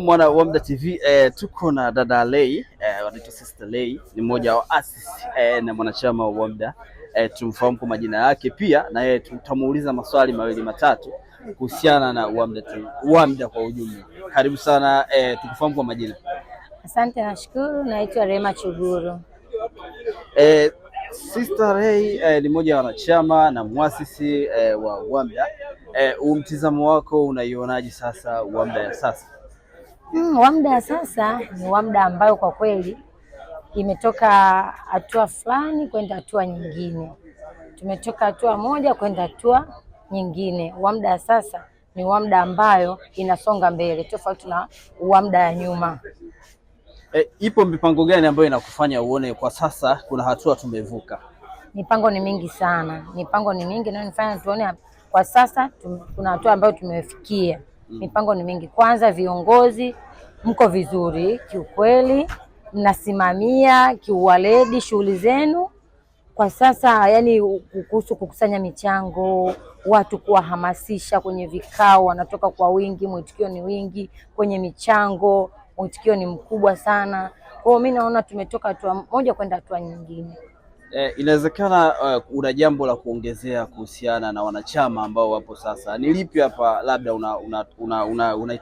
Mwana wa Mda TV eh, tuko na dada Lei eh, wanaitwa Sister Lei ni mmoja wa asisi eh, na mwanachama wa Mda eh, tumfahamu kwa majina yake pia, na yeye tutamuuliza maswali mawili matatu kuhusiana na Wamda tu Wamda kwa ujumla. Karibu sana eh, tukufahamu kwa majina. Asante, nashukuru. Naitwa Rema Chuguru. Eh, Sister Lei eh, ni mmoja wa wanachama na mwasisi eh, wa Wamda. Eh, umtizamo wako unaionaje sasa Wamda ya sasa? Mm, WAMDA sasa ni WAMDA ambayo kwa kweli imetoka hatua fulani kwenda hatua nyingine, tumetoka hatua moja kwenda hatua nyingine. WAMDA sasa ni WAMDA ambayo inasonga mbele tofauti na WAMDA ya nyuma. E, ipo mipango gani ambayo inakufanya uone kwa sasa kuna hatua tumevuka? Mipango ni mingi sana, mipango ni mingi na tuone kwa sasa tum, kuna hatua ambayo tumefikia. Mm. Mipango ni mingi. Kwanza viongozi mko vizuri kiukweli, mnasimamia kiuwaledi shughuli zenu kwa sasa, yani kuhusu kukusanya michango, watu kuwahamasisha kwenye vikao, wanatoka kwa wingi, mwitikio ni wingi kwenye michango, mwitikio ni mkubwa sana. Kwa hiyo mimi naona tumetoka hatua moja kwenda hatua nyingine. Eh, inawezekana uh, eh, una jambo la kuongezea kuhusiana na wanachama ambao wapo sasa, ni lipi hapa labda unahitaji una, una, una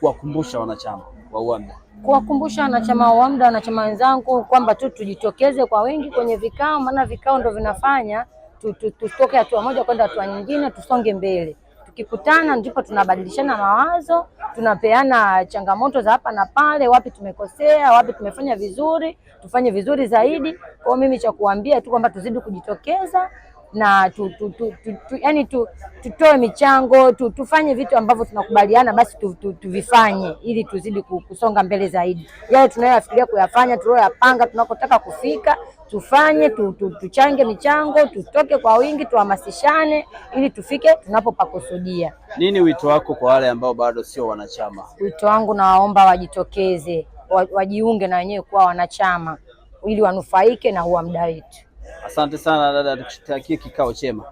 kuwakumbusha wanachama wa UWAMDA? Kuwakumbusha wanachama wa UWAMDA, wanachama wenzangu kwamba tu tujitokeze kwa wingi kwenye vikao, maana vikao ndo vinafanya tutoke tu, tu, hatua moja kwenda hatua nyingine, tusonge mbele tukikutana ndipo tunabadilishana mawazo, tunapeana changamoto za hapa na pale, wapi tumekosea, wapi tumefanya vizuri, tufanye vizuri zaidi. Kwa mimi cha kuambia tu kwamba tuzidi kujitokeza na tu, tu, tu, tu, tu, yani tu, tutoe michango tu, tufanye vitu ambavyo tunakubaliana basi tuvifanye tu, tu, ili tuzidi kusonga mbele zaidi, yale tunayoyafikiria kuyafanya, tuliyoyapanga, tunakotaka kufika tufanye tu, tu, tuchange michango, tutoke kwa wingi, tuhamasishane ili tufike tunapopakusudia. Nini wito wako kwa wale ambao bado sio wanachama? Wito wangu nawaomba wajitokeze, wajiunge na wenyewe kuwa wanachama ili wanufaike na huwa mda wetu. Asante sana dada, tukutakie kikao chema.